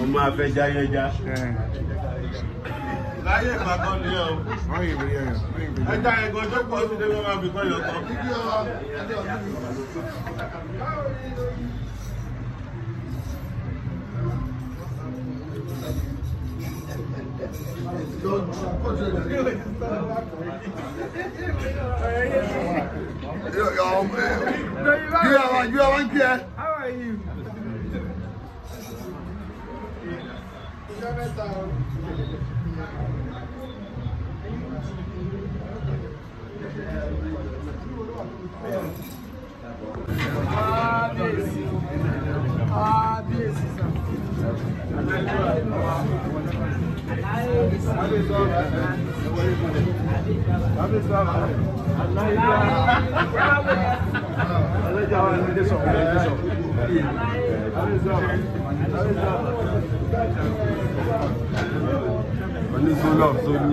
ọmọ afẹjá já láyé ìpàkọ́ ni ọ. ẹja ẹ̀gọ́ tó pọ̀ sí dégbé máa fi kọ́ ìyọ̀tọ̀. Yọ ọ ẹ, yọ ọ Kábíyèsí. Kábíyèsí sà. Onísọ́lọ́ tó ní.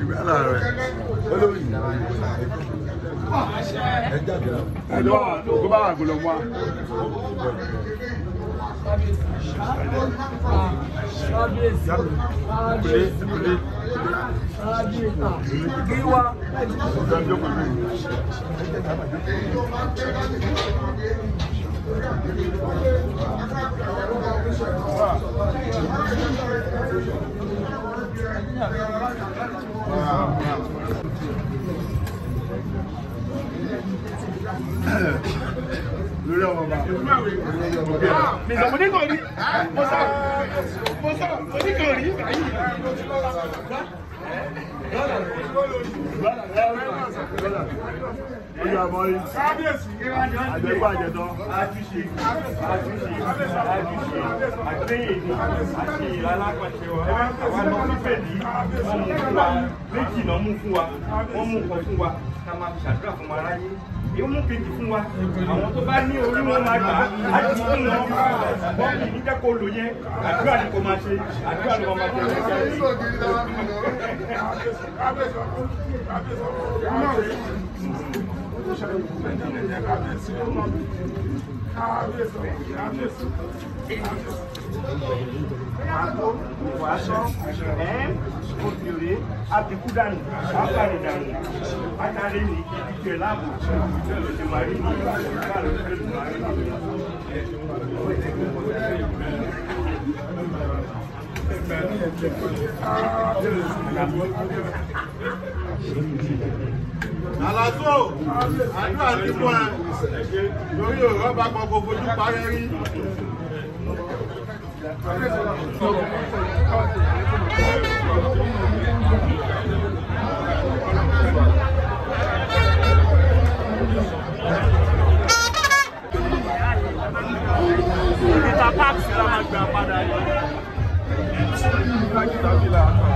ìgbàlá rẹ̀ olórí ẹ jáde lọ. ẹ lọ kó bá àgùn lọ mú wa. Gíwá. Thank you. Nìjọ mo ní kò rí. Mo sọ mo sọ mo ní kò rí. Oye àmọ́ yìí. Àgbẹ̀kọ́ àjẹ̀dọ́. Àtúnṣe. Àtúnṣe. Àtúnṣe. Àgbẹ̀yẹ̀dì. Àṣeyìí alápàṣẹ wa. Àwọn ọmọ fífẹ̀ yìí. Wọ́n mú fún wa. Méjì náà mú fún wa. Wọ́n mú nǹkan fún wa. Ká máa ṣàdúrà fún wa ráyé yóò mú kejì fún wa àwọn tó bá ní orí wọn máa gbà á ti fún wọn bọ́ọ̀lù ní jẹ́ kó lò yẹn àdúrà ni kò máa ṣe àdúrà ni wọ́n máa tẹ̀lé ẹgbẹ́ òbí òré àbíkú dànù àbàrè dànù àtàrè ní ìdíje láàbò ìjọ ìlòdì màrí ní ìgbà lórí ìlú màrí ní. Àlàtò àdúrà ní fún ẹ lórí òrò bá gbọ́ gbogbo ojú parẹ́ rí. Paksilak be apadayi Paksilak be apadayi